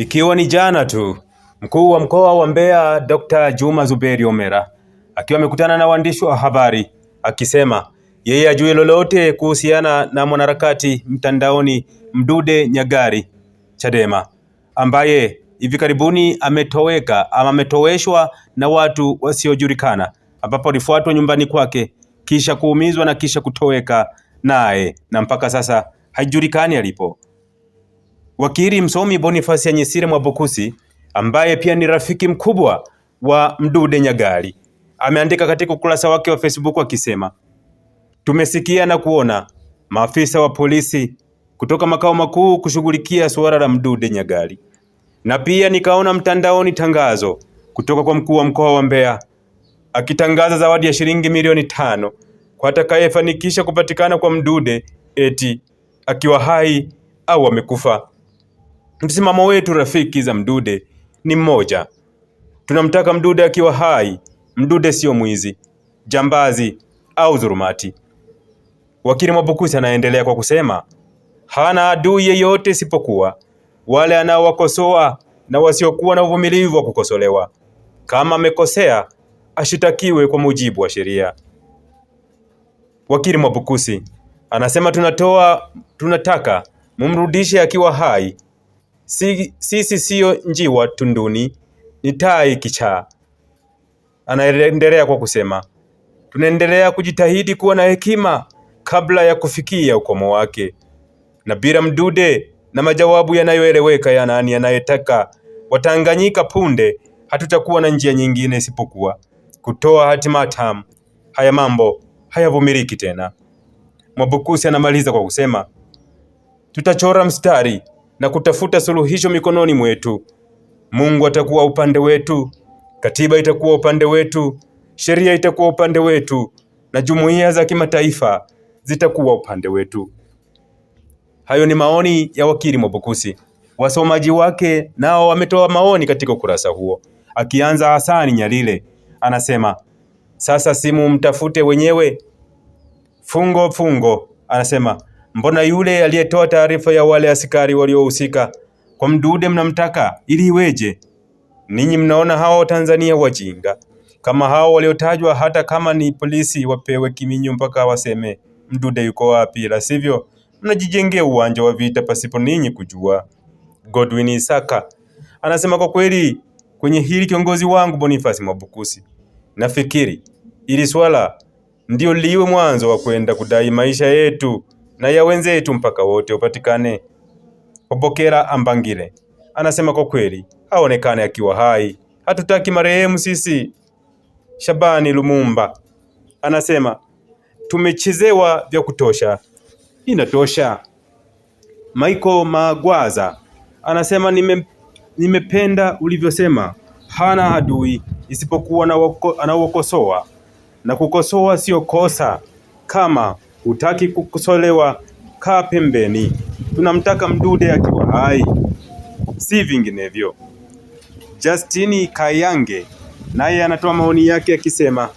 Ikiwa ni jana tu, mkuu wa mkoa wa Mbeya Dr. Juma Zuberi Homera akiwa amekutana na waandishi wa habari akisema yeye ajue lolote kuhusiana na mwanaharakati mtandaoni Mdude Nyagari Chadema ambaye hivi karibuni ametoweka ama ametoweshwa na watu wasiojulikana, ambapo alifuatwa nyumbani kwake kisha kuumizwa na kisha kutoweka naye na mpaka sasa haijulikani alipo. Wakili msomi Boniface Anyisire Mwabukusi ambaye pia ni rafiki mkubwa wa Mdude Nyagali ameandika katika ukurasa wake wa Facebook akisema, tumesikia na kuona maafisa wa polisi kutoka makao makuu kushughulikia suala la Mdude Nyagali, na pia nikaona mtandaoni tangazo kutoka kwa mkuu wa mkoa wa Mbeya akitangaza zawadi ya shilingi milioni tano kwa atakayefanikisha kupatikana kwa Mdude eti akiwa hai au amekufa. Msimamo wetu rafiki za Mdude ni mmoja. Tunamtaka Mdude akiwa hai. Mdude sio mwizi, jambazi au dhurumati Wakili Mwabukusi anaendelea kwa kusema hana adui yeyote isipokuwa wale anaowakosoa na wasiokuwa na uvumilivu wa kukosolewa. Kama amekosea ashitakiwe kwa mujibu wa sheria. Wakili Mwabukusi anasema tunatoa tunataka mumrudishe akiwa hai sisi si, siyo njiwa tunduni, ni tai kichaa. Anaendelea kwa kusema, tunaendelea kujitahidi kuwa na hekima kabla ya kufikia ukomo wake. na bila Mdude na majawabu yanayoeleweka ya nani yanayetaka Watanganyika punde hatutakuwa na njia nyingine isipokuwa kutoa hatima tamu. Haya mambo hayavumiliki tena. Mwabukusi anamaliza kwa kusema tutachora mstari na kutafuta suluhisho mikononi mwetu. Mungu atakuwa upande wetu, katiba itakuwa upande wetu, sheria itakuwa upande wetu, na jumuiya za kimataifa zitakuwa upande wetu. Hayo ni maoni ya wakili Mwabukusi. Wasomaji wake nao wametoa maoni katika ukurasa huo, akianza Hasani Nyalile anasema sasa simu mtafute wenyewe. Fungo Fungo anasema Mbona yule aliyetoa taarifa ya wale askari waliohusika kwa Mdude mnamtaka ili iweje? Ninyi mnaona hao Watanzania wajinga kama hao waliotajwa, hata kama ni polisi wapewe kiminyu mpaka waseme Mdude yuko wapi, la sivyo mnajijengea uwanja wa vita pasipo ninyi kujua. Godwin Isaka anasema kwa kweli kwenye hili kiongozi wangu Boniface Mwabukusi, nafikiri ili swala ndio liwe mwanzo wa kwenda kudai maisha yetu na ya wenzetu mpaka wote upatikane. Wabokera Ambangile anasema kwa kweli aonekane akiwa hai, hatutaki marehemu sisi. Shabani Lumumba anasema tumechezewa vya kutosha, inatosha. Michael Magwaza anasema nime, nimependa ulivyosema, hana adui isipokuwa anaokosoa, na kukosoa sio kosa kama hutaki kukosolewa, kaa pembeni. Tunamtaka Mdude akiwa hai, si vinginevyo. Justini Kayange naye anatoa maoni yake akisema,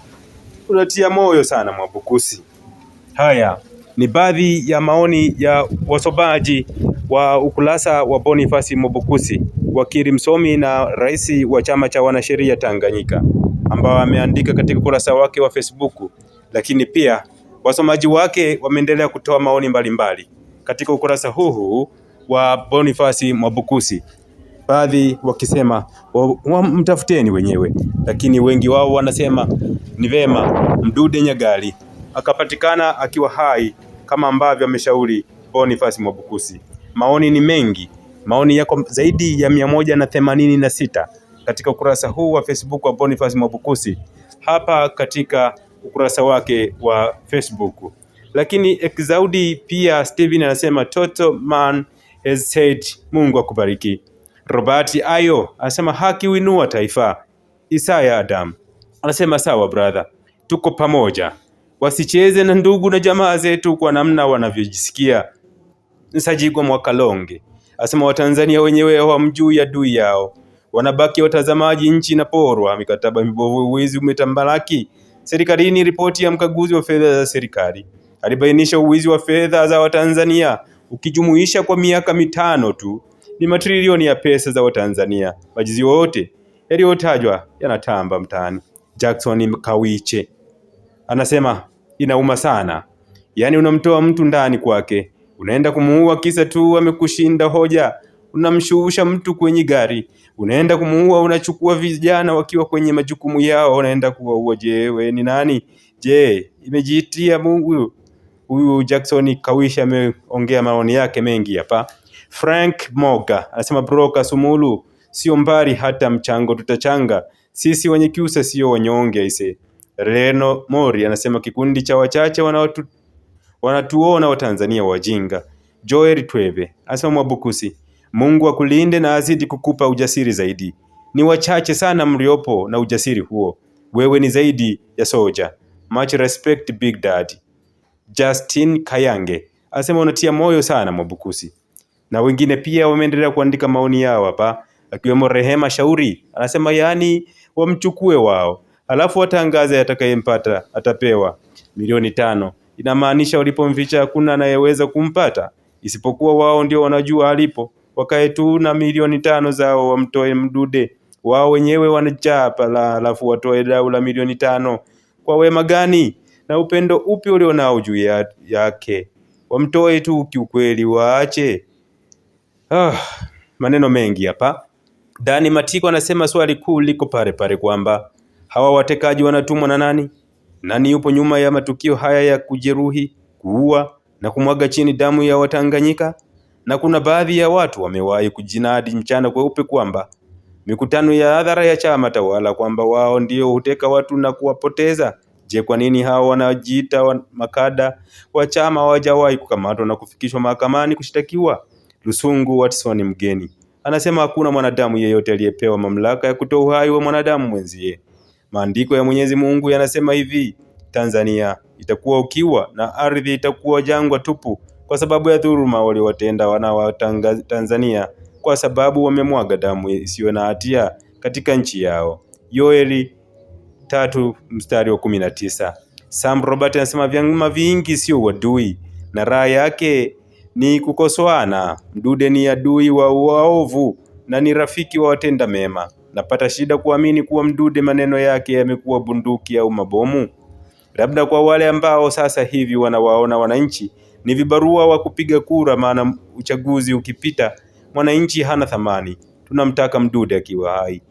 unatia moyo sana Mwabukusi. Haya ni baadhi ya maoni ya wasomaji wa ukurasa wa Boniface Mwabukusi, wakili msomi na rais wa chama cha wanasheria Tanganyika, ambao ameandika katika ukurasa wake wa Facebook, lakini pia Wasomaji wake wameendelea kutoa maoni mbalimbali katika ukurasa huu wa Bonifasi Mwabukusi, baadhi wakisema mtafuteni wenyewe, lakini wengi wao wanasema ni vema Mdude Nyagali akapatikana akiwa hai kama ambavyo ameshauri Bonifasi Mwabukusi. Maoni ni mengi, maoni yako zaidi ya mia moja na themanini na sita katika ukurasa huu wa Facebook wa Bonifasi Mwabukusi hapa katika ukurasa wake wa Facebook. Lakini Exaudi pia Steven anasema Toto man has said, Mungu akubariki. Robert Ayo anasema haki winua taifa. Isaya Adam anasema sawa brother, tuko pamoja. Wasicheze na ndugu na jamaa zetu kwa namna wanavyojisikia. Nsajigwa Mwakalonge asema Watanzania wenyewe hawamjui adui yao, wanabaki watazamaji, nchi inaporwa, mikataba mibovu, uwizi umetambalaki. Serikalini, ripoti ya mkaguzi wa fedha za serikali alibainisha uwizi wa fedha za Watanzania ukijumuisha kwa miaka mitano tu ni matrilioni ya pesa za Watanzania. Majizi wote yaliyotajwa yanatamba mtaani. Jackson Kawiche anasema inauma sana, yaani unamtoa mtu ndani kwake, unaenda kumuua kisa tu amekushinda hoja unamshusha mtu kwenye gari, unaenda kumuua, unachukua vijana wakiwa kwenye majukumu yao, unaenda kuwaua. Je, we ni nani? Je, imejiitia Mungu? Huyu Jackson Kawisha ameongea maoni yake mengi hapa. Frank Moga anasema broka Sumulu, sio mbali hata mchango tutachanga sisi, wenye kiusa sio wanyonge ise. Reno Mori anasema kikundi cha wachache wanatu, wanatuona Watanzania wajinga. Joel Tweve anasema Mwabukusi Mungu akulinde na azidi kukupa ujasiri zaidi. Ni wachache sana mliopo na ujasiri huo. Wewe ni zaidi ya soja. Much respect big daddy. Justin Kayange asema unatia moyo sana Mwabukusi, na wengine pia wameendelea kuandika maoni yao hapa, akiwemo Rehema Shauri anasema yaani wamchukue wao, alafu watangaze atakayempata atapewa milioni tano. Inamaanisha walipomficha hakuna anayeweza kumpata isipokuwa wao, ndio wanajua alipo wakae tu na milioni tano zao wamtoe Mdude, wao wenyewe wanachapa la alafu watoe dau la milioni tano kwa wema gani na upendo upi nao juu ya, yake? Wamtoe tu kiukweli, waache ah, maneno mengi hapa. Dani Matiko anasema swali kuu liko pale pale kwamba hawa watekaji wanatumwa na nani? Nani yupo nyuma ya matukio haya ya kujeruhi, kuua na kumwaga chini damu ya Watanganyika? na kuna baadhi ya watu wamewahi kujinadi mchana kweupe kwamba mikutano ya hadhara ya chama tawala kwamba wao ndio huteka watu na kuwapoteza. Je, kwa nini hao wanajiita wa makada wa chama hawajawahi kukamatwa na kufikishwa mahakamani kushtakiwa? Lusungu Watson Mgeni anasema hakuna mwanadamu yeyote aliyepewa mamlaka ya kutoa uhai wa mwanadamu mwenzie. Maandiko ya Mwenyezi Mungu yanasema hivi: Tanzania itakuwa ukiwa na ardhi itakuwa jangwa tupu kwa sababu ya dhuluma waliowatenda wana wa Tanzania kwa sababu wamemwaga damu isiyo na hatia katika nchi yao. Yoeli tatu mstari wa kumi na tisa. Sam Robert anasema vyama vingi sio wadui na raha yake ni kukosoana. Mdude ni adui wa waovu na ni rafiki wa watenda mema. Napata shida kuamini kuwa Mdude maneno yake yamekuwa bunduki au mabomu, labda kwa wale ambao sasa hivi wanawaona wananchi ni vibarua wa kupiga kura, maana uchaguzi ukipita mwananchi hana thamani. Tunamtaka Mdude akiwa hai.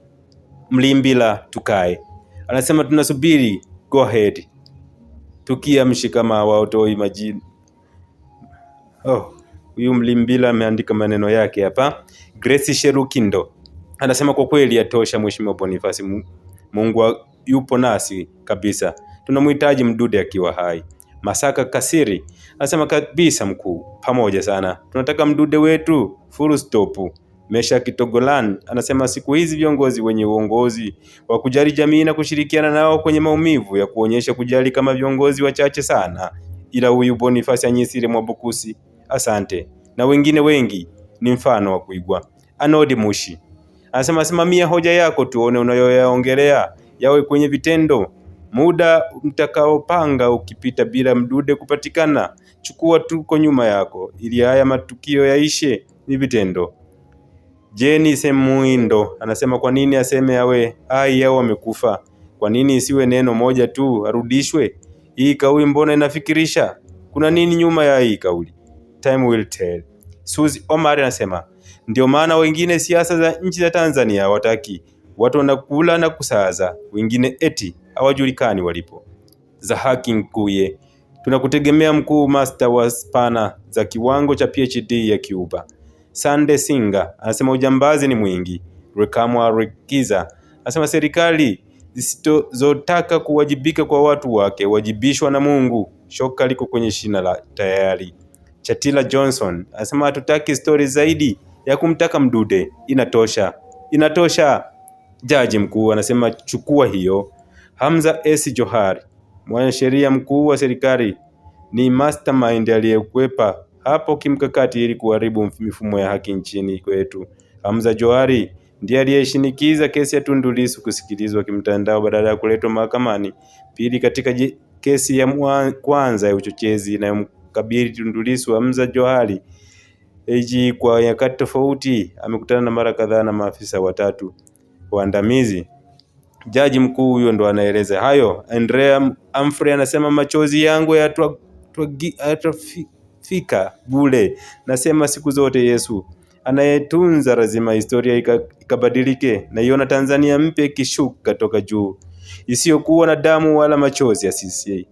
Mlimbila tukae anasema tunasubiri go ahead tukiamshi kama hawatoi majini. Oh, huyu Mlimbila ameandika maneno yake hapa. Grace Sherukindo anasema kwa kweli atosha Mheshimiwa Bonifasi, Mungu yupo nasi kabisa, tunamhitaji Mdude akiwa hai. Masaka Kasiri anasema kabisa, mkuu, pamoja sana, tunataka mdude wetu full stop. Mesha Kitogolan anasema siku hizi viongozi wenye uongozi wa kujali jamii na kushirikiana nao kwenye maumivu ya kuonyesha kujali kama viongozi wachache sana, ila huyu Boniface Anyisire Mwabukusi asante na wengine wengi ni mfano wa kuigwa. Anodi Mushi anasema simamia hoja yako tuone unayoyaongelea yawe kwenye vitendo muda mtakaopanga ukipita bila Mdude kupatikana, chukua tuko nyuma yako, ili haya matukio yaishe, ni vitendo. Jeni Semuindo anasema kwa nini aseme awe hai au amekufa? Kwa nini isiwe neno moja tu, arudishwe? Hii kauli mbona inafikirisha? Kuna nini nyuma ya hii kauli? Time will tell. Suzi Omar anasema ndio maana wengine siasa za nchi za Tanzania wataki watu wanakula na kusaza, wengine eti hawajulikani walipo. za haki Nkuye, tunakutegemea mkuu master wa spana za kiwango cha PhD ya Cuba. Sande Singa anasema ujambazi ni mwingi. Rekamwa Rekiza anasema serikali zisizotaka kuwajibika kwa watu wake wajibishwa na Mungu. Shoka liko kwenye shina la tayari. Chatila Johnson anasema hatutaki stori zaidi ya kumtaka Mdude, inatosha, inatosha. Jaji mkuu anasema chukua hiyo Hamza S. Johari, mwanasheria mkuu wa serikali, ni mastermind aliyekwepa hapo kimkakati ili kuharibu mifumo ya haki nchini kwetu. Hamza Johari ndiye aliyeshinikiza kesi ya Tundu Lissu kusikilizwa kimtandao badala ya kuletwa mahakamani. Pili, katika kesi ya mwa, kwanza ya uchochezi inayomkabili Tundu Lissu, Hamza Johari AG kwa nyakati tofauti amekutana na mara kadhaa na maafisa watatu waandamizi Jaji mkuu huyo ndo anaeleza hayo. Andrea Amfrey anasema machozi yangu yatafika bure, nasema siku zote Yesu anayetunza lazima historia ikabadilike. Naiona Tanzania mpya ikishuka toka juu isiyokuwa na damu wala machozi ya CCA.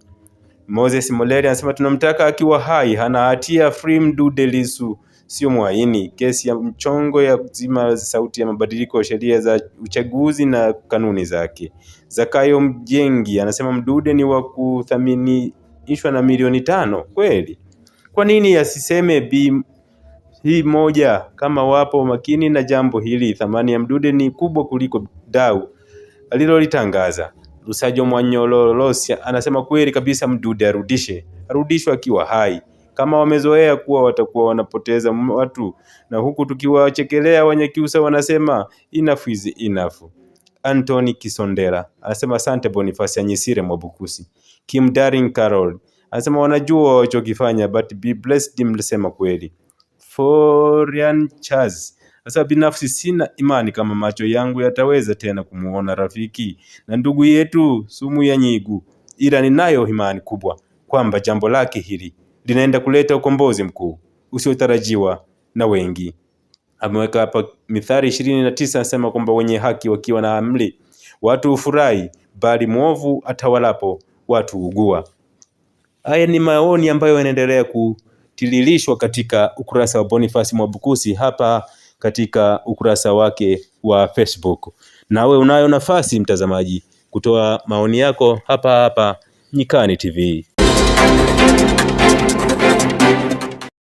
Moses Moleri anasema tunamtaka akiwa hai, hana hatia, Free Dude Lissu sio mwaini. Kesi ya mchongo ya zima sauti ya mabadiliko ya sheria za uchaguzi na kanuni zake. Zakayo Mjengi anasema Mdude ni wa kuthaminishwa na milioni tano kweli. Kwa nini asiseme bi hii moja? Kama wapo makini na jambo hili, thamani ya Mdude ni kubwa kuliko dau alilolitangaza. Rusajo Mwanyororosya anasema kweli kabisa, Mdude arudishe, arudishwe akiwa hai kama wamezoea kuwa watakuwa wanapoteza watu, na huku tukiwachekelea Wanyakyusa wanasema enough is enough. Anthony Kisondera anasema asante Boniface Anyisire Mwabukusi. Kim Daring Carol anasema wanajua walichokifanya but be blessed, mlisema kweli. Florian Chaz sasa binafsi sina imani kama macho yangu yataweza tena kumuona rafiki na ndugu yetu Sumu ya Nyigu, ila ninayo imani kubwa kwamba jambo lake hili linaenda kuleta ukombozi mkuu usiotarajiwa na wengi. Ameweka hapa Mithali ishirini na tisa anasema kwamba wenye haki wakiwa na amri watu hufurahi, bali mwovu atawalapo watu hugua. Haya ni maoni ambayo yanaendelea kutililishwa katika ukurasa wa Boniface Mwabukusi hapa katika ukurasa wake wa Facebook. Nawe unayo nafasi mtazamaji kutoa maoni yako hapa hapa Nyikani TV. Thank you.